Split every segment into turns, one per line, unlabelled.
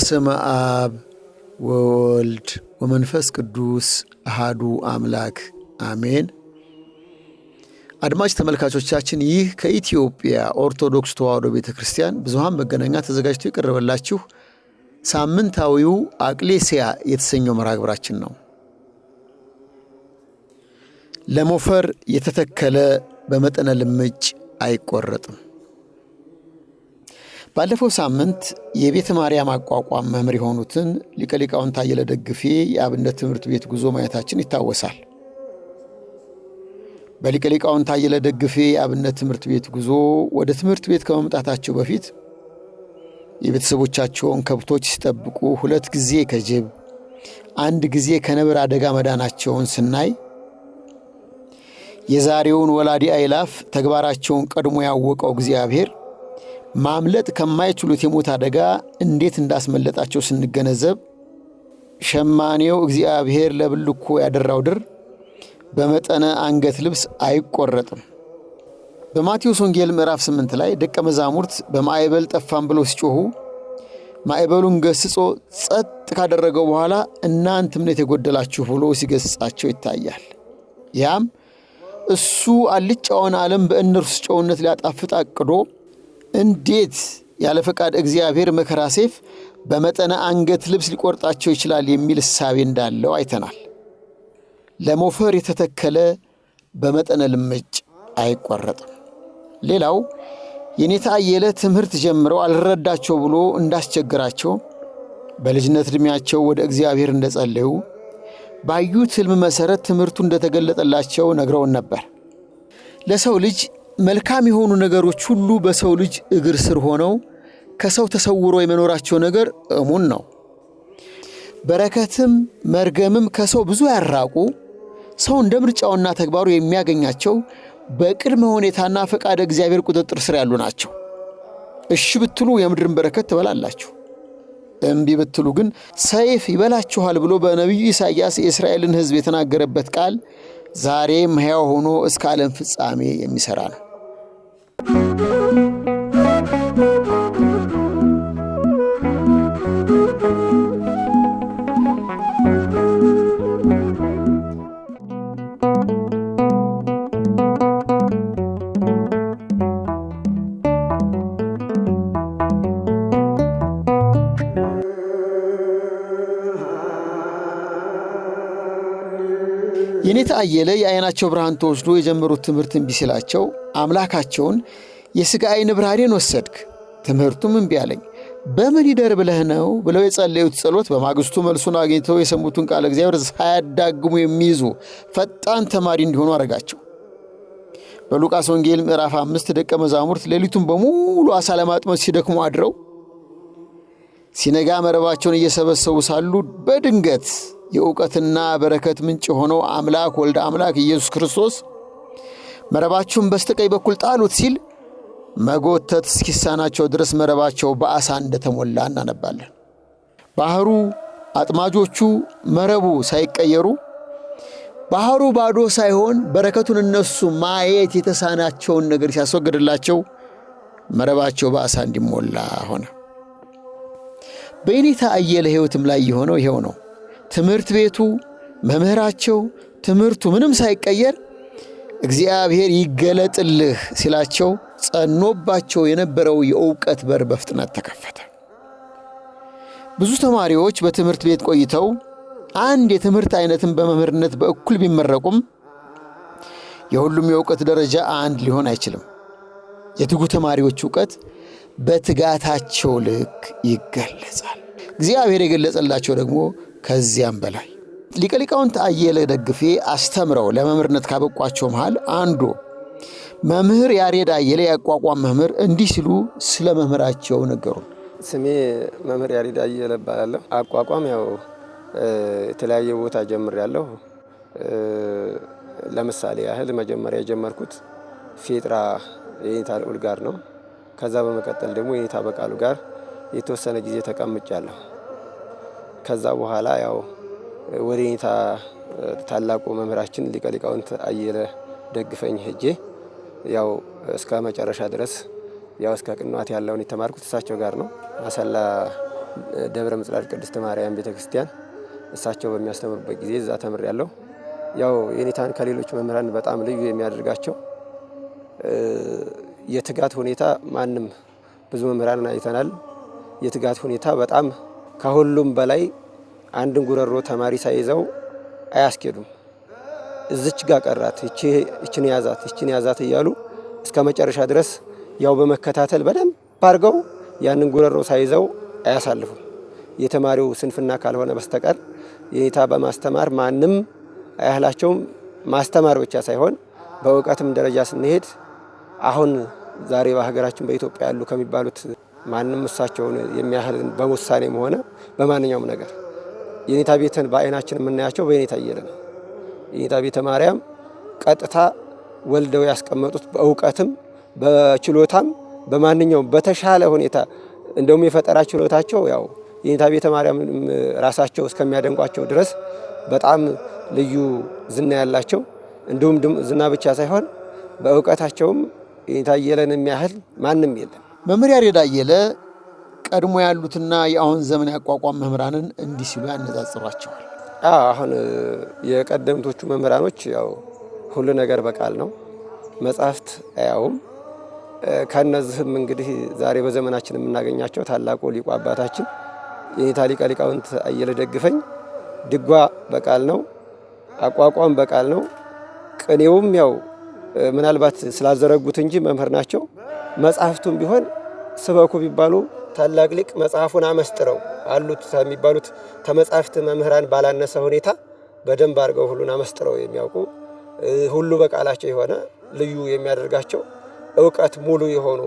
በስመ አብ ወወልድ ወመንፈስ ቅዱስ አሃዱ አምላክ አሜን። አድማጭ ተመልካቾቻችን ይህ ከኢትዮጵያ ኦርቶዶክስ ተዋሕዶ ቤተ ክርስቲያን ብዙኃን መገናኛ ተዘጋጅቶ የቀረበላችሁ ሳምንታዊው አቅሌሲያ የተሰኘው መራግብራችን ግብራችን ነው። ለሞፈር የተተከለ በመጠነ ልምጭ አይቆረጥም። ባለፈው ሳምንት የቤተ ማርያም አቋቋም መምህር የሆኑትን ሊቀ ሊቃውንት ደግፌ የአብነት ትምህርት ቤት ጉዞ ማየታችን ይታወሳል። በሊቀ ሊቃውንት ደግፌ የአብነት ትምህርት ቤት ጉዞ ወደ ትምህርት ቤት ከመምጣታቸው በፊት የቤተሰቦቻቸውን ከብቶች ሲጠብቁ ሁለት ጊዜ ከጅብ አንድ ጊዜ ከነብር አደጋ መዳናቸውን ስናይ የዛሬውን ወላዲ አይላፍ ተግባራቸውን ቀድሞ ያወቀው እግዚአብሔር ማምለጥ ከማይችሉት የሞት አደጋ እንዴት እንዳስመለጣቸው ስንገነዘብ ሸማኔው እግዚአብሔር ለብልኮ ያደራው ድር በመጠነ አንገት ልብስ አይቆረጥም። በማቴዎስ ወንጌል ምዕራፍ 8 ላይ ደቀ መዛሙርት በማዕበል ጠፋን ብለው ሲጮኹ ማዕበሉን ገስጾ ጸጥ ካደረገው በኋላ እናንት እምነት የጎደላችሁ ብሎ ሲገስጻቸው ይታያል። ያም እሱ አልጫውን ዓለም በእነርሱ ጨውነት ሊያጣፍጥ አቅዶ እንዴት ያለ ፈቃድ እግዚአብሔር መከራ ሴፍ በመጠነ አንገት ልብስ ሊቆርጣቸው ይችላል የሚል እሳቤ እንዳለው አይተናል። ለሞፈር የተተከለ በመጠነ ልምጭ አይቆረጥም። ሌላው የኔታ አየለ ትምህርት ጀምረው አልረዳቸው ብሎ እንዳስቸግራቸው በልጅነት ዕድሜያቸው ወደ እግዚአብሔር እንደጸለዩ ባዩት ሕልም መሠረት ትምህርቱ እንደተገለጠላቸው ነግረውን ነበር። ለሰው ልጅ መልካም የሆኑ ነገሮች ሁሉ በሰው ልጅ እግር ስር ሆነው ከሰው ተሰውሮ የመኖራቸው ነገር እሙን ነው። በረከትም መርገምም ከሰው ብዙ ያራቁ፣ ሰው እንደ ምርጫውና ተግባሩ የሚያገኛቸው በቅድመ ሁኔታና ፈቃደ እግዚአብሔር ቁጥጥር ስር ያሉ ናቸው። እሺ ብትሉ የምድርን በረከት ትበላላችሁ፣ እምቢ ብትሉ ግን ሰይፍ ይበላችኋል ብሎ በነቢዩ ኢሳይያስ የእስራኤልን ሕዝብ የተናገረበት ቃል ዛሬም ሕያው ሆኖ እስከ ዓለም ፍጻሜ የሚሠራ ነው። Thank you. የኔታ አየለ ብርሃን ተወስዶ የጀመሩት ትምህርት እምቢ ሲላቸው አምላካቸውን የሥጋ አይን ብርሃኔን ወሰድክ፣ ትምህርቱም እምቢ አለኝ፣ በምን ይደር ብለህ ነው ብለው የጸለዩት ጸሎት በማግስቱ መልሱን አግኝተው የሰሙትን ቃለ እግዚአብሔር ሳያዳግሙ የሚይዙ ፈጣን ተማሪ እንዲሆኑ አረጋቸው። በሉቃስ ወንጌል ምዕራፍ አምስት ደቀ መዛሙርት ሌሊቱን በሙሉ አሳ ለማጥመድ ሲደክሙ አድረው ሲነጋ መረባቸውን እየሰበሰቡ ሳሉ በድንገት የእውቀትና በረከት ምንጭ የሆነው አምላክ ወልደ አምላክ ኢየሱስ ክርስቶስ መረባችሁን በስተቀኝ በኩል ጣሉት ሲል መጎተት እስኪሳናቸው ድረስ መረባቸው በአሳ እንደተሞላ እናነባለን። ባህሩ፣ አጥማጆቹ መረቡ ሳይቀየሩ ባህሩ ባዶ ሳይሆን በረከቱን እነሱ ማየት የተሳናቸውን ነገር ሲያስወግድላቸው መረባቸው በአሳ እንዲሞላ ሆነ። በይኔታ አየለ ሕይወትም ላይ የሆነው ይኸው ነው። ትምህርት ቤቱ፣ መምህራቸው፣ ትምህርቱ ምንም ሳይቀየር እግዚአብሔር ይገለጥልህ ሲላቸው ጸኖባቸው የነበረው የእውቀት በር በፍጥነት ተከፈተ። ብዙ ተማሪዎች በትምህርት ቤት ቆይተው አንድ የትምህርት አይነትን በመምህርነት በእኩል ቢመረቁም የሁሉም የእውቀት ደረጃ አንድ ሊሆን አይችልም። የትጉ ተማሪዎች እውቀት በትጋታቸው ልክ ይገለጻል። እግዚአብሔር የገለጸላቸው ደግሞ ከዚያም በላይ ሊቀ ሊቃውንት አየለ ደግፌ አስተምረው ለመምህርነት ካበቋቸው መሃል አንዱ መምህር ያሬድ አየለ ያቋቋም መምህር እንዲህ ሲሉ ስለ መምህራቸው ነገሩ።
ስሜ መምህር ያሬድ አየለ እባላለሁ። አቋቋም ያው የተለያየ ቦታ ያለሁ ለምሳሌ ያህል መጀመሪያ የጀመርኩት ፌጥራ የኔታ ልዑል ጋር ነው። ከዛ በመቀጠል ደግሞ የኔታ በቃሉ ጋር የተወሰነ ጊዜ ተቀምጫለሁ። ከዛ በኋላ ያው ወደ ታላቁ መምህራችን ሊቀ ሊቃውንት አየለ ደግፈኝ ሄጄ ያው እስከ መጨረሻ ድረስ ያው እስከ ቅንዋት ያለውን የተማርኩት እሳቸው ጋር ነው። አሰላ ደብረ ምጽላድ ቅድስት ማርያም ቤተ ክርስቲያን እሳቸው በሚያስተምሩበት ጊዜ እዛ ተምር ያለው ያው የኔታን ከሌሎች መምህራን በጣም ልዩ የሚያደርጋቸው የትጋት ሁኔታ ማንም ብዙ መምህራንን አይተናል። የትጋት ሁኔታ በጣም ከሁሉም በላይ አንድን ጉረሮ ተማሪ ሳይዘው አያስኬዱም። እዝች ጋር ቀራት፣ እችን ያዛት፣ እችን ያዛት እያሉ እስከ መጨረሻ ድረስ ያው በመከታተል በደንብ አድርገው ያንን ጉረሮ ሳይዘው አያሳልፉም። የተማሪው ስንፍና ካልሆነ በስተቀር የኔታ በማስተማር ማንም አያህላቸውም። ማስተማር ብቻ ሳይሆን በእውቀትም ደረጃ ስንሄድ አሁን ዛሬ በሀገራችን በኢትዮጵያ ያሉ ከሚባሉት ማንም እሳቸውን የሚያህል በውሳኔም ሆነ በማንኛውም ነገር የኔታ ቤትን በአይናችን የምናያቸው በኔታ እየለ ነው። የኔታ ቤተ ማርያም ቀጥታ ወልደው ያስቀመጡት በእውቀትም በችሎታም በማንኛውም በተሻለ ሁኔታ እንደውም የፈጠራ ችሎታቸው ያው የኔታ ቤተ ማርያም ራሳቸው እስከሚያደንቋቸው ድረስ በጣም ልዩ ዝና ያላቸው እንዲሁም ዝና ብቻ ሳይሆን በእውቀታቸውም የኔታ እየለን የሚያህል ማንም የለም።
መምህር ያሬድ አየለ ቀድሞ ያሉትና የአሁን ዘመን ያቋቋም መምህራንን እንዲህ ሲሉ ያነጻጽሯቸዋል።
አሁን የቀደምቶቹ መምህራኖች ያው ሁሉ ነገር በቃል ነው፣ መጽሐፍት አያውም። ከእነዚህም እንግዲህ ዛሬ በዘመናችን የምናገኛቸው ታላቁ ሊቁ አባታችን የኔታ ሊቀ ሊቃውንት አየለ ደግፈኝ ድጓ በቃል ነው፣ አቋቋም በቃል ነው። ቅኔውም ያው ምናልባት ስላዘረጉት እንጂ መምህር ናቸው። መጽሐፍቱም ቢሆን ስበኩ ቢባሉ ታላቅ ሊቅ መጽሐፉን አመስጥረው አሉት የሚባሉት ተመጻሕፍት መምህራን ባላነሰ ሁኔታ በደንብ አድርገው ሁሉን አመስጥረው የሚያውቁ ሁሉ በቃላቸው የሆነ ልዩ የሚያደርጋቸው እውቀት ሙሉ የሆኑ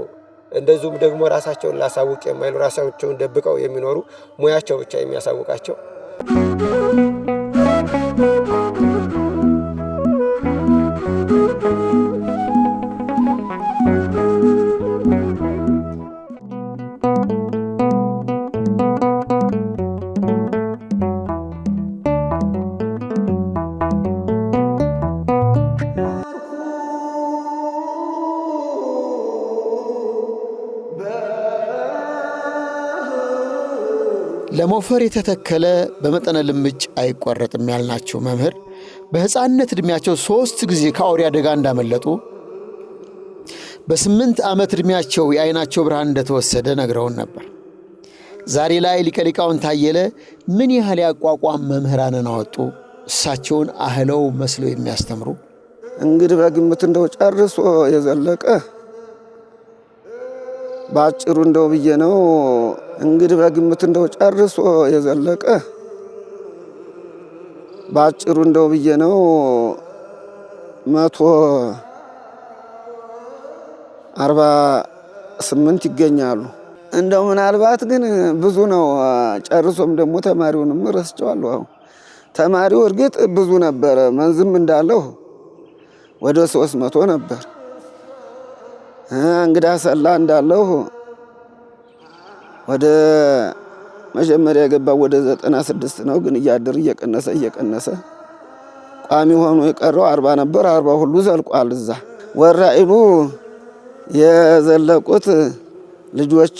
እንደዚሁም ደግሞ ራሳቸውን ላሳውቅ የማይሉ ራሳቸውን ደብቀው የሚኖሩ ሙያቸው ብቻ የሚያሳውቃቸው
ሞፈር የተተከለ በመጠነ ልምጭ አይቆረጥም ያልናቸው መምህር በሕፃንነት ዕድሜያቸው ሦስት ጊዜ ከአውሬ አደጋ እንዳመለጡ በስምንት ዓመት ዕድሜያቸው የዓይናቸው ብርሃን እንደተወሰደ ነግረውን ነበር። ዛሬ ላይ ሊቀሊቃውን ታየለ ምን ያህል ያቋቋም መምህራንን አወጡ፣ እሳቸውን አህለው መስለው የሚያስተምሩ
እንግዲህ በግምት እንደው ጨርሶ የዘለቀ በአጭሩ እንደው ብዬ ነው እንግዲህ በግምት እንደው ጨርሶ የዘለቀ በአጭሩ እንደው ብዬ ነው መቶ አርባ ስምንት ይገኛሉ። እንደው ምናልባት ግን ብዙ ነው። ጨርሶም ደግሞ ተማሪውንም ረስቸዋለሁ። አሁን ተማሪው እርግጥ ብዙ ነበረ። መንዝም እንዳለው ወደ ሶስት መቶ ነበር። እንግዳ ሰላ እንዳለው ወደ መጀመሪያ የገባው ወደ ዘጠና ስድስት ነው። ግን እያደር እየቀነሰ እየቀነሰ ቋሚ ሆኖ የቀረው አርባ ነበር። አርባ ሁሉ ዘልቋል። እዛ ወራኢሉ የዘለቁት ልጆች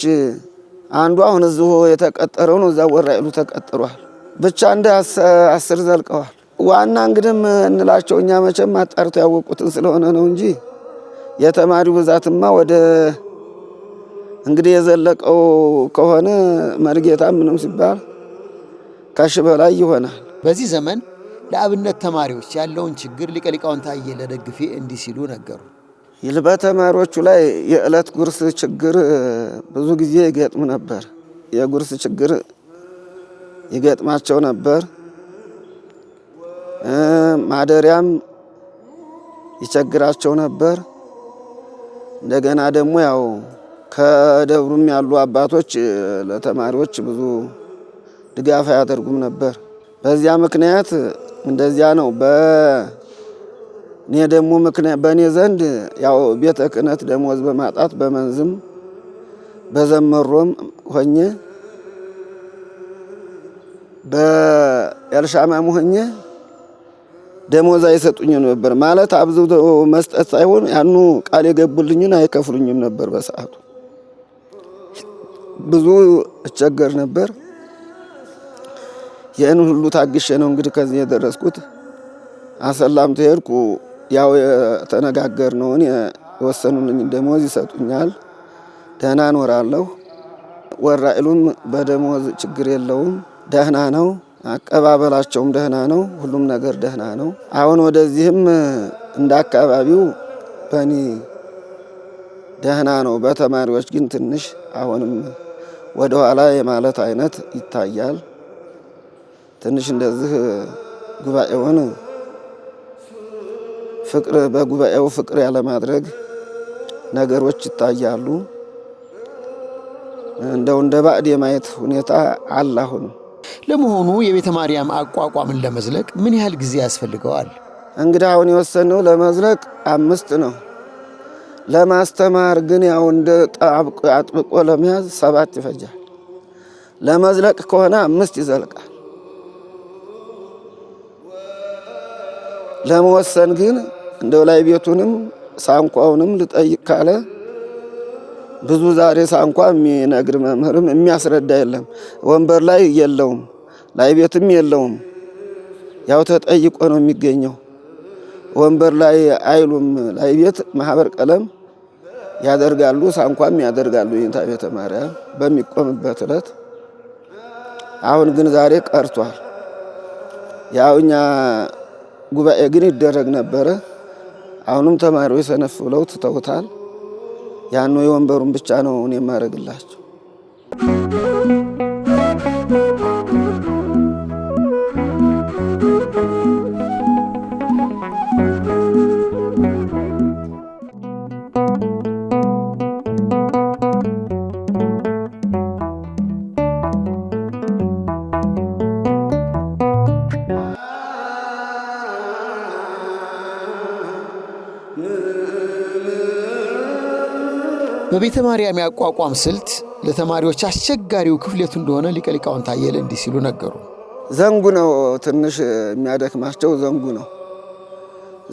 አንዱ አሁን እዚሁ የተቀጠረው ነው። እዛ ወራኢሉ ተቀጥሯል። ብቻ እንደ አስር ዘልቀዋል። ዋና እንግዲህም እንላቸው እኛ መቼም አጣርተው ያወቁትን ስለሆነ ነው እንጂ የተማሪው ብዛትማ ወደ እንግዲህ የዘለቀው ከሆነ መርጌታ ምንም ሲባል ካሽ በላይ ይሆናል።
በዚህ ዘመን ለአብነት ተማሪዎች ያለውን ችግር ሊቀ ሊቃውንት ታየ ለደግፌ እንዲህ ሲሉ ነገሩ።
ይልበ ተማሪዎቹ ላይ የዕለት ጉርስ ችግር ብዙ ጊዜ ይገጥም ነበር። የጉርስ ችግር ይገጥማቸው ነበር። ማደሪያም ይቸግራቸው ነበር። እንደገና ደግሞ ያው ከደብሩም ያሉ አባቶች ለተማሪዎች ብዙ ድጋፍ አያደርጉም ነበር። በዚያ ምክንያት እንደዚያ ነው። በእኔ ደግሞ በእኔ ዘንድ ያው ቤተ ክህነት ደሞዝ በማጣት በመንዝም በዘመሮም ሆኜ በኤልሻማም ሆኜ ደሞዝ አይሰጡኝም ነበር። ማለት አብዝቶ መስጠት ሳይሆን ያኑ ቃል የገቡልኝን አይከፍሉኝም ነበር በሰዓቱ። ብዙ እቸገር ነበር። ይህን ሁሉ ታግሼ ነው እንግዲህ ከዚህ የደረስኩት። አሰላም ተሄድኩ። ያው የተነጋገር ነውን የወሰኑልኝ ደሞዝ ይሰጡኛል፣ ደህና እኖራለሁ። ወራኢሉም በደሞዝ ችግር የለውም፣ ደህና ነው። አቀባበላቸውም ደህና ነው። ሁሉም ነገር ደህና ነው። አሁን ወደዚህም እንደ አካባቢው በእኔ ደህና ነው። በተማሪዎች ግን ትንሽ አሁንም ወደ ኋላ የማለት አይነት ይታያል። ትንሽ እንደዚህ ጉባኤውን ፍቅር በጉባኤው ፍቅር ያለማድረግ ነገሮች ይታያሉ። እንደው እንደ ባዕድ የማየት ሁኔታ አለ። አሁን
ለመሆኑ የቤተ ማርያም አቋቋምን ለመዝለቅ ምን ያህል ጊዜ ያስፈልገዋል?
እንግዲህ አሁን የወሰነው ለመዝለቅ አምስት ነው። ለማስተማር ግን ያው እንደ አጥብቆ ለመያዝ ሰባት ይፈጃል። ለመዝለቅ ከሆነ አምስት ይዘልቃል። ለመወሰን ግን እንደው ላይ ቤቱንም ሳንኳውንም ልጠይቅ ካለ ብዙ ዛሬ ሳንኳ የሚነግር መምህርም የሚያስረዳ የለም። ወንበር ላይ የለውም፣ ላይ ቤትም የለውም። ያው ተጠይቆ ነው የሚገኘው። ወንበር ላይ አይሉም። ላይ ቤት ማህበር ቀለም ያደርጋሉ። ሳንኳም ያደርጋሉ። ይንታ ቤተ ማርያም በሚቆምበት ለት አሁን ግን ዛሬ ቀርቷል። ያው እኛ ጉባኤ ግን ይደረግ ነበረ። አሁንም ተማሪዎች ሰነፍ ብለው ትተውታል። ያኑ የወንበሩን ብቻ ነው እኔ የማደርግላቸው።
በቤተ ማርያም ያቋቋም ስልት ለተማሪዎች አስቸጋሪው ክፍሌቱ እንደሆነ ሊቀ ሊቃውንት አየለ እንዲህ ሲሉ ነገሩ።
ዘንጉ ነው ትንሽ የሚያደክማቸው ዘንጉ ነው።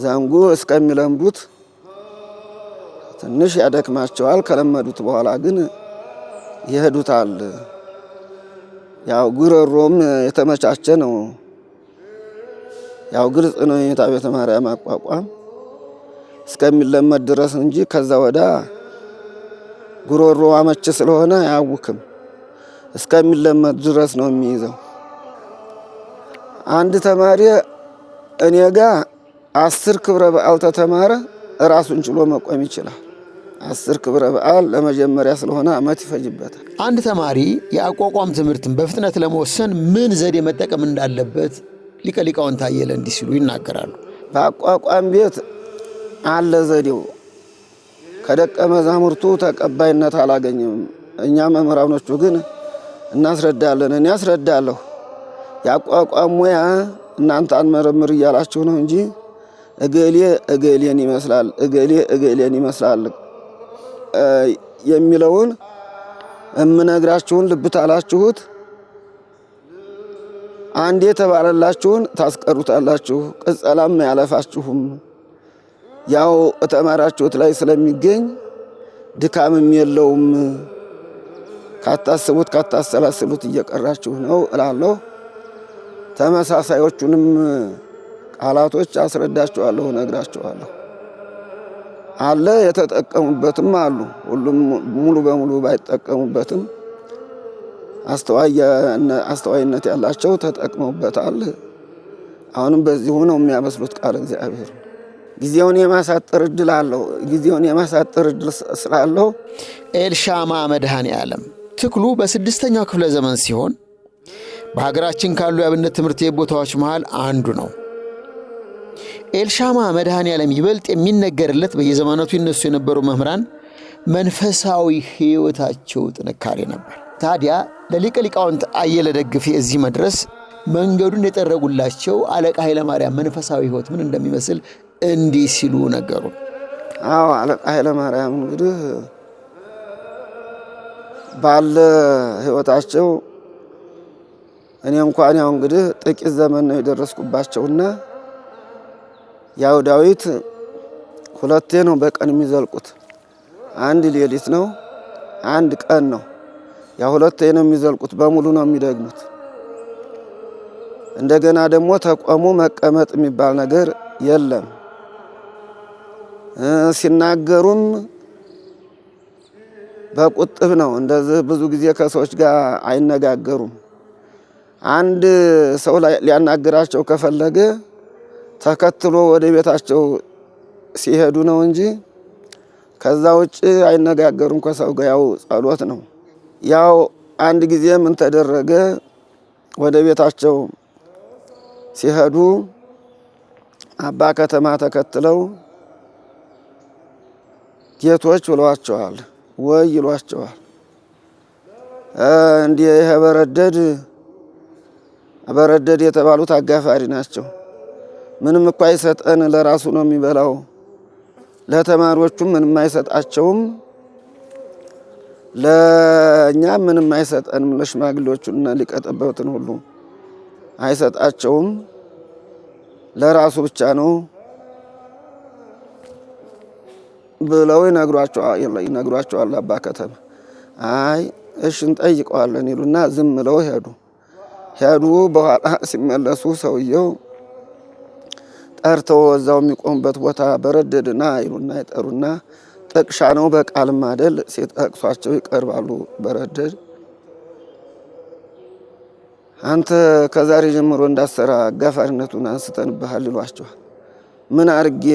ዘንጉ እስከሚለምዱት ትንሽ ያደክማቸዋል። ከለመዱት በኋላ ግን ይሄዱታል። ያው ጉረሮም የተመቻቸ ነው። ያው ግልጽ ነው ቤተ ማርያም አቋቋም እስከሚለመድ ድረስ እንጂ ከዛ ወዳ ጉሮሮ አመች ስለሆነ አያውክም። እስከሚለመድ ድረስ ነው የሚይዘው። አንድ ተማሪ እኔ ጋ አስር ክብረ በዓል ተተማረ ራሱን ችሎ መቆም ይችላል። አስር ክብረ በዓል ለመጀመሪያ ስለሆነ አመት ይፈጅበታል።
አንድ ተማሪ የአቋቋም ትምህርትን በፍጥነት ለመወሰን ምን ዘዴ መጠቀም እንዳለበት ሊቀ ሊቃውንት አየለ እንዲህ ሲሉ ይናገራሉ።
በአቋቋም ቤት አለ ዘዴው ከደቀ መዛሙርቱ ተቀባይነት አላገኝም እኛ መምህራኖቹ ግን እናስረዳለን። እኔ አስረዳለሁ። የአቋቋም ሙያ እናንተ አንመረምር እያላችሁ ነው እንጂ እገሌ እገሌን ይመስላል እገሌ እገሌን ይመስላል የሚለውን የምነግራችሁን ልብ ታላችሁት አንድ የተባለላችሁን ታስቀሩታላችሁ፣ ቅጸላም አያለፋችሁም። ያው እተማራችሁት ላይ ስለሚገኝ ድካምም የለውም። ካታስቡት ካታሰላስሉት እየቀራችሁ ነው እላለሁ። ተመሳሳዮቹንም ቃላቶች አስረዳችኋለሁ፣ ነግራችኋለሁ። አለ የተጠቀሙበትም አሉ። ሁሉም ሙሉ በሙሉ ባይጠቀሙበትም አስተዋይነት ያላቸው ተጠቅመውበታል። አሁንም በዚህ ሆነው የሚያበስሉት ቃል እግዚአብሔር ጊዜውን የማሳጠር እድል አለው። ጊዜውን የማሳጠር እድል ስላለው
ኤልሻማ መድኃኔ ዓለም ትክሉ በስድስተኛው ክፍለ ዘመን ሲሆን በሀገራችን ካሉ የአብነት ትምህርት ቤት ቦታዎች መሃል አንዱ ነው። ኤልሻማ መድኃኔ ዓለም ይበልጥ የሚነገርለት በየዘመናቱ ይነሱ የነበሩ መምህራን መንፈሳዊ ሕይወታቸው ጥንካሬ ነበር። ታዲያ ለሊቀ ሊቃውንት አየለ ደግፌ እዚህ መድረስ መንገዱን የጠረጉላቸው አለቃ ኃይለማርያም መንፈሳዊ ሕይወት ምን እንደሚመስል እንዲህ ሲሉ ነገሩ።
አዎ አለቃ ኃይለማርያም እንግዲህ ባለ ሕይወታቸው እኔ እንኳን ያው እንግዲህ ጥቂት ዘመን ነው የደረስኩባቸውና ያው ዳዊት ሁለቴ ነው በቀን የሚዘልቁት። አንድ ሌሊት ነው፣ አንድ ቀን ነው። ያ ሁለት ነው የሚዘልቁት፣ በሙሉ ነው የሚደግሙት። እንደገና ደግሞ ተቆሙ መቀመጥ የሚባል ነገር የለም። ሲናገሩም በቁጥብ ነው። እንደዚህ ብዙ ጊዜ ከሰዎች ጋር አይነጋገሩም። አንድ ሰው ሊያናግራቸው ከፈለገ ተከትሎ ወደ ቤታቸው ሲሄዱ ነው እንጂ ከዛ ውጭ አይነጋገሩም ከሰው ጋር ያው ጸሎት ነው። ያው አንድ ጊዜ ምን ተደረገ፣ ወደ ቤታቸው ሲሄዱ አባ ከተማ ተከትለው ጌቶች ብለዋቸዋል ወይ ይሏቸዋል። እንዲህ ይህ በረደድ በረደድ የተባሉት አጋፋሪ ናቸው። ምንም እኳ ይሰጠን ለራሱ ነው የሚበላው፣ ለተማሪዎቹም ምንም አይሰጣቸውም። ለእኛ ምንም አይሰጠንም። ለሽማግሌዎቹና ሊቀጠበትን ሁሉ አይሰጣቸውም። ለራሱ ብቻ ነው ብለው ይነግሯቸዋል። አባ ከተማ አይ እሽ እንጠይቀዋለን ይሉና ዝም ብለው ሄዱ። ሄዱ በኋላ ሲመለሱ ሰውየው ጠርተው እዛው የሚቆሙበት ቦታ በረደድና ይሉና ይጠሩና ጥቅሻ ነው በቃል ማደል ሲጠቅሷቸው ይቀርባሉ በረደድ አንተ ከዛሬ ጀምሮ እንዳሰራ አጋፋሪነቱን አንስተንብሃል ይሏቸዋል። ምን አርጌ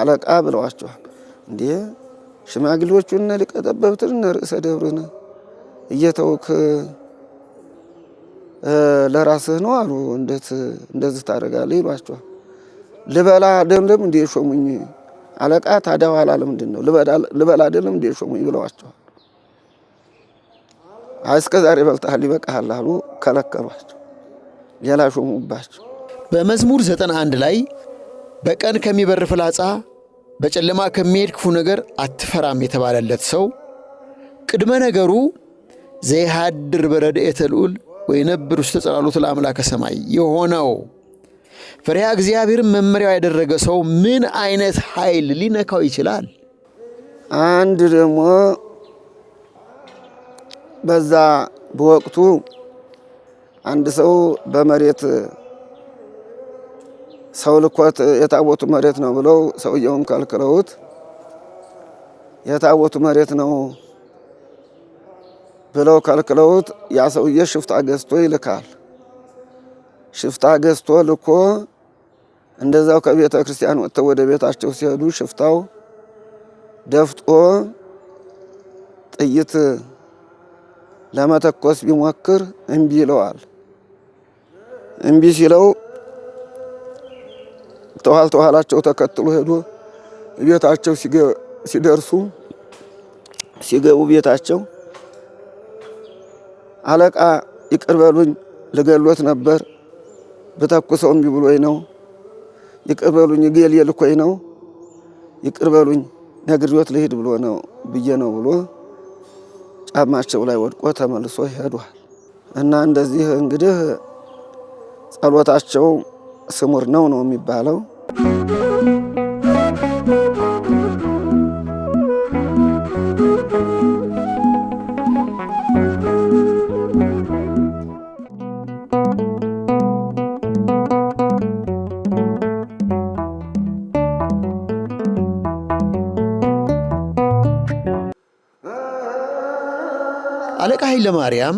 አለቃ ብለዋቸዋል። እንዴ ሽማግሌዎቹ ሊቀ ጠበብትን ርዕሰ ደብርን እየተውክ ለራስህ ነው አሉ። እንደት እንደዚህ ታደርጋለህ ይሏቸዋል። ልበላ ደምደም እንዴ ሾሙኝ አለቃ ታዲያ ኋላ ለምንድን ነው ልበላ አይደለም እንደ ሾሙኝ ብለዋቸዋል። እስከ ዛሬ በልተሃል ይበቃሃል አሉ፣ ከለከሏቸው። ሌላ ሾሙባቸው።
በመዝሙር 91 ላይ በቀን ከሚበር ፍላጻ በጨለማ ከሚሄድ ክፉ ነገር አትፈራም የተባለለት ሰው ቅድመ ነገሩ ዘይሃድር በረድኤተ ልዑል ወይነብር ውስተ ጸላሎት ለአምላከ ሰማይ የሆነው ፈሪሃ እግዚአብሔርን መመሪያው ያደረገ ሰው ምን አይነት ኃይል ሊነካው ይችላል?
አንድ ደግሞ በዛ በወቅቱ አንድ ሰው በመሬት ሰው ልኮት የታቦቱ መሬት ነው ብለው ሰውየውም ከልክለውት የታቦቱ መሬት ነው ብለው ከልክለውት ያ ሰውዬ ሽፍታ ገዝቶ ይልካል። ሽፍታ ገዝቶ ልኮ እንደዛው ከቤተ ክርስቲያን ወጥተው ወደ ቤታቸው ሲሄዱ ሽፍታው ደፍጦ ጥይት ለመተኮስ ቢሞክር እምቢ ይለዋል። እምቢ ሲለው ተኋል ተኋላቸው ተከትሎ ሄዶ ቤታቸው ሲደርሱ ሲገቡ ቤታቸው አለቃ ይቅርበሉኝ ልገሎት ነበር በታኮሰው እምቢ ብሎኝ ነው። ይቅር በሉኝ እገሌ ልኮኝ ነው ይቅር በሉኝ ነግሬዎት ልሂድ ብሎ ነው ብዬ ነው ብሎ ጫማቸው ላይ ወድቆ ተመልሶ ይሄዷል። እና እንደዚህ እንግዲህ ጸሎታቸው ስሙር ነው ነው የሚባለው።
አለቃ ኃይለ ማርያም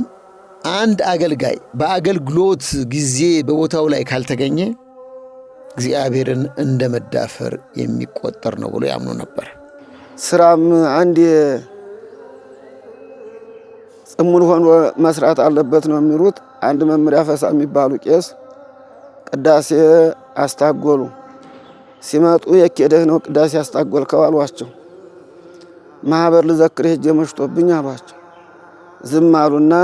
አንድ አገልጋይ በአገልግሎት ጊዜ በቦታው ላይ ካልተገኘ እግዚአብሔርን እንደ መዳፈር የሚቆጠር ነው ብሎ ያምኑ ነበር።
ስራም አንድ ጽሙን ሆኖ መስራት አለበት ነው የሚሉት። አንድ መምሪያ ፈሳ የሚባሉ ቄስ ቅዳሴ አስታጎሉ። ሲመጡ የኬደህ ነው ቅዳሴ አስታጎል ከዋሏቸው ማህበር ልዘክር ሄጄ መሽቶብኝ አሏቸው። ዝም አሉና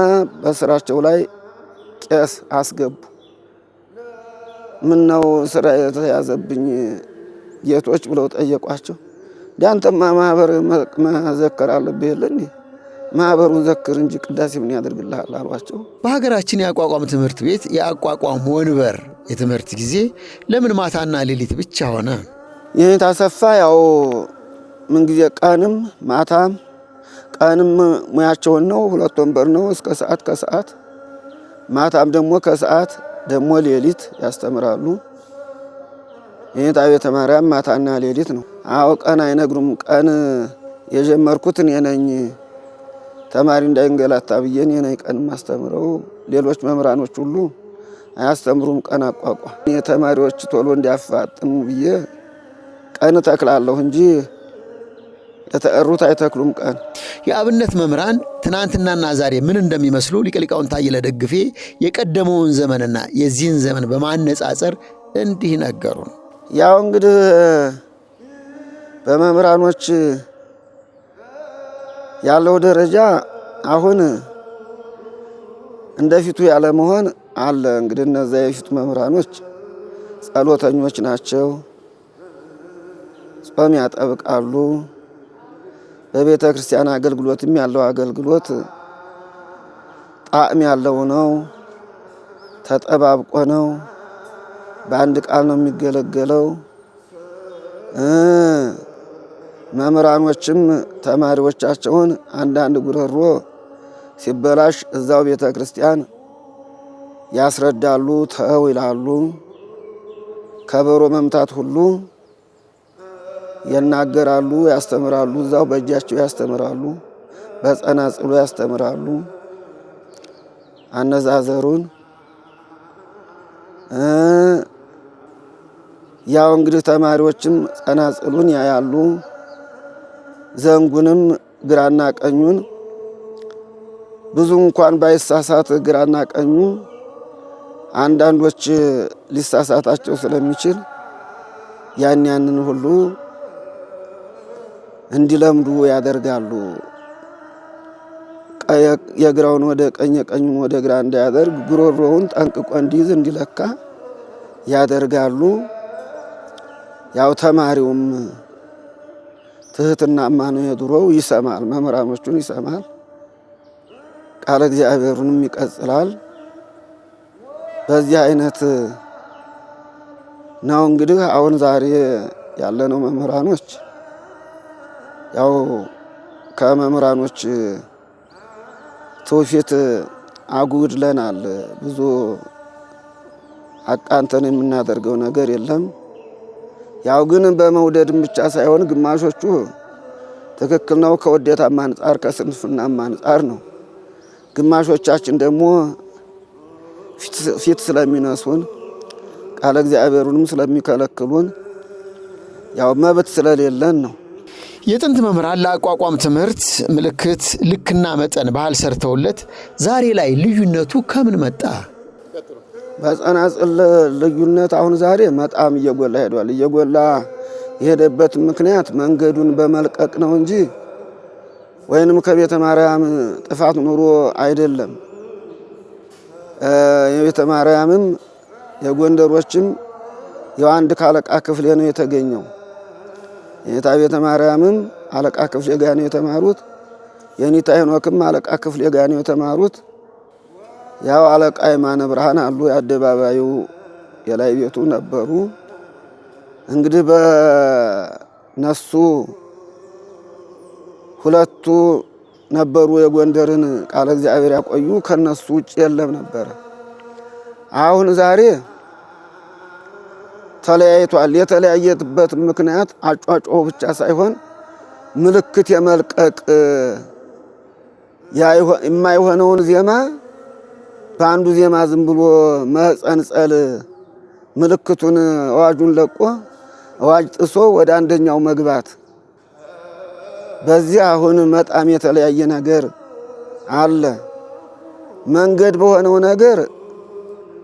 በስራቸው ላይ ቄስ አስገቡ። ምነው ስራ የተያዘብኝ ጌቶች ብለው ጠየቋቸው። ዳንተማ ማህበር መዘከር አለብህ የለ ማህበሩን ዘክር እንጂ ቅዳሴ ምን ያደርግልሃል? አሏቸው።
በሀገራችን የአቋቋም ትምህርት ቤት የአቋቋም ወንበር የትምህርት ጊዜ ለምን ማታና ሌሊት ብቻ ሆነ?
ይህን ታሰፋ ያው ምንጊዜ ቀንም ማታም ቀንም ሙያቸውን ነው። ሁለት ወንበር ነው እስከ ሰዓት ከሰዓት ማታም ደግሞ ከሰዓት ደግሞ ሌሊት ያስተምራሉ። የኔታ ቤተ ማርያም ማታና ሌሊት ነው። አዎ ቀን አይነግሩም። ቀን የጀመርኩት እኔ ነኝ። ተማሪ እንዳይንገላታ ብዬ እኔ ነኝ ቀን ማስተምረው። ሌሎች መምህራኖች ሁሉ አያስተምሩም። ቀን አቋቋም የተማሪዎች ቶሎ እንዲያፋጥሙ ብዬ ቀን ተክላለሁ እንጂ ለተቀሩት አይተክሉም ቀን
የአብነት መምህራን ትናንትናና ዛሬ ምን እንደሚመስሉ ሊቀ ሊቃውንት ለደግፌ የቀደመውን ዘመንና የዚህን ዘመን በማነጻጸር እንዲህ ነገሩ።
ያው እንግዲህ በመምህራኖች ያለው ደረጃ አሁን እንደፊቱ ያለመሆን አለ። እንግዲህ እነዚያ የፊቱ መምህራኖች ጸሎተኞች ናቸው፣ ጾም ያጠብቃሉ። በቤተ ክርስቲያን አገልግሎትም ያለው አገልግሎት ጣዕም ያለው ነው። ተጠባብቆ ነው። በአንድ ቃል ነው የሚገለገለው። መምህራኖችም ተማሪዎቻቸውን አንዳንድ ጉረሮ ሲበላሽ እዛው ቤተ ክርስቲያን ያስረዳሉ፣ ተው ይላሉ። ከበሮ መምታት ሁሉ ይናገራሉ፣ ያስተምራሉ። እዛው በእጃቸው ያስተምራሉ፣ በጸናጽሉ ያስተምራሉ። አነዛዘሩን ያው እንግዲህ ተማሪዎችም ጸናጽሉን ያያሉ፣ ዘንጉንም ግራና ቀኙን ብዙ እንኳን ባይሳሳት ግራና ቀኙ አንዳንዶች ሊሳሳታቸው ስለሚችል ያን ያንን ሁሉ እንዲለምዱ ያደርጋሉ። የግራውን ወደ ቀኝ የቀኙን ወደ ግራ እንዳያደርግ ጉሮሮውን ጠንቅቆ እንዲይዝ እንዲለካ ያደርጋሉ። ያው ተማሪውም ትህትናማ ነው የድሮው ይሰማል፣ መምህራኖቹን ይሰማል፣ ቃለ እግዚአብሔሩንም ይቀጽላል። በዚህ አይነት ነው እንግዲህ አሁን ዛሬ ያለነው መምህራኖች ያው ከመምህራኖች ትውፊት አጉድለናል። ብዙ አቃንተን የምናደርገው ነገር የለም። ያው ግን በመውደድም ብቻ ሳይሆን ግማሾቹ ትክክል ነው፣ ከውዴታም አንጻር ከስንፍናም አንጻር ነው። ግማሾቻችን ደግሞ ፊት ስለሚነሱን ቃለ እግዚአብሔሩንም ስለሚከለክሉን ያው መብት ስለሌለን ነው።
የጥንት መምህራን ለአቋቋም ትምህርት ምልክት፣ ልክና መጠን ባህል ሰርተውለት ዛሬ ላይ ልዩነቱ ከምን መጣ?
በጸናጽል ልዩነት አሁን ዛሬ በጣም እየጎላ ሄዷል። እየጎላ የሄደበት ምክንያት መንገዱን በመልቀቅ ነው እንጂ ወይንም ከቤተ ማርያም ጥፋት ኑሮ አይደለም። የቤተ ማርያምም የጎንደሮችም የአንድ ካለቃ ክፍሌ ነው የተገኘው የኔታ ቤተ ማርያምም አለቃ ክፍሌ ጋ ነው የተማሩት። የኔታ ሄኖክም አለቃ ክፍሌ ጋ ነው የተማሩት። ያው አለቃ የማነ ብርሃን አሉ የአደባባዩ የላይ ቤቱ ነበሩ። እንግዲህ በነሱ ሁለቱ ነበሩ የጎንደርን ቃለ እግዚአብሔር ያቆዩ። ከነሱ ውጭ የለም ነበረ። አሁን ዛሬ ተለያይቷል። የተለያየበት ምክንያት አጫጮ ብቻ ሳይሆን ምልክት የመልቀቅ የማይሆነውን ዜማ በአንዱ ዜማ ዝም ብሎ መጸንጸል ምልክቱን አዋጁን ለቆ አዋጅ ጥሶ ወደ አንደኛው መግባት በዚህ አሁን በጣም የተለያየ ነገር አለ። መንገድ በሆነው ነገር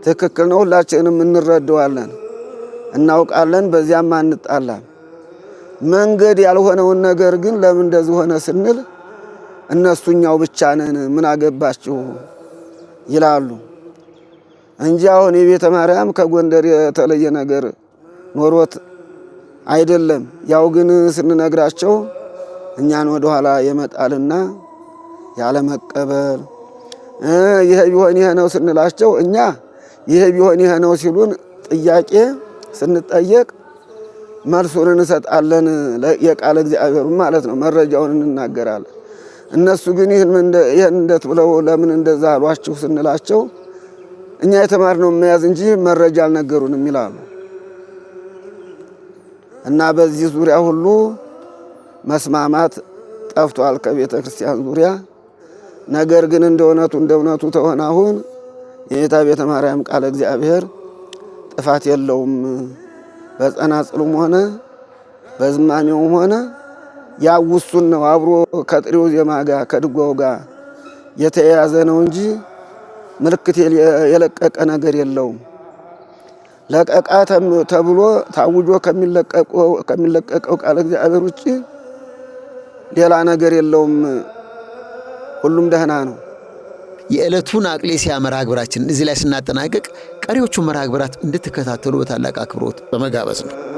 ትክክል ነው፣ ሁላችንም እንረዳዋለን። እናውቃለን፣ በዚያም አንጣላም። መንገድ ያልሆነውን ነገር ግን ለምን እንደዚህ ሆነ ስንል እነሱኛው ብቻ ነን ምን አገባችሁ ይላሉ እንጂ አሁን የቤተ ማርያም ከጎንደር የተለየ ነገር ኖሮት አይደለም። ያው ግን ስንነግራቸው እኛን ወደኋላ የመጣልና ያለመቀበል ይሄ ቢሆን ይሄ ነው ስንላቸው እኛ ይሄ ቢሆን ይሄ ነው ሲሉን ጥያቄ ስንጠየቅ መልሱን እንሰጣለን። የቃለ እግዚአብሔሩ ማለት ነው። መረጃውን እንናገራለን። እነሱ ግን ይህን እንደት ብለው ለምን እንደዛ አሏችሁ ስንላቸው እኛ የተማርነው መያዝ እንጂ መረጃ አልነገሩንም ይላሉ። እና በዚህ ዙሪያ ሁሉ መስማማት ጠፍቷል ከቤተ ክርስቲያን ዙሪያ። ነገር ግን እንደ እውነቱ እንደ እውነቱ ተሆነ አሁን የኔታ ቤተ ማርያም ቃለ እግዚአብሔር ጥፋት የለውም። በጸናጽሉም ሆነ በዝማሜውም ሆነ ያው ውሱን ነው አብሮ ከጥሪው ዜማ ጋር ከድጓው ጋር የተያያዘ ነው እንጂ ምልክት የለቀቀ ነገር የለውም። ለቀቃ ተብሎ ታውጆ ከሚለቀቀው ቃል እግዚአብሔር ውጭ ሌላ ነገር የለውም። ሁሉም ደህና ነው።
የዕለቱን አቅሌሲያ መርሃ ግብራችን እዚህ ላይ ስናጠናቀቅ ቀሪዎቹ መርሃ ግብራት እንድትከታተሉ በታላቅ አክብሮት በመጋበዝ ነው።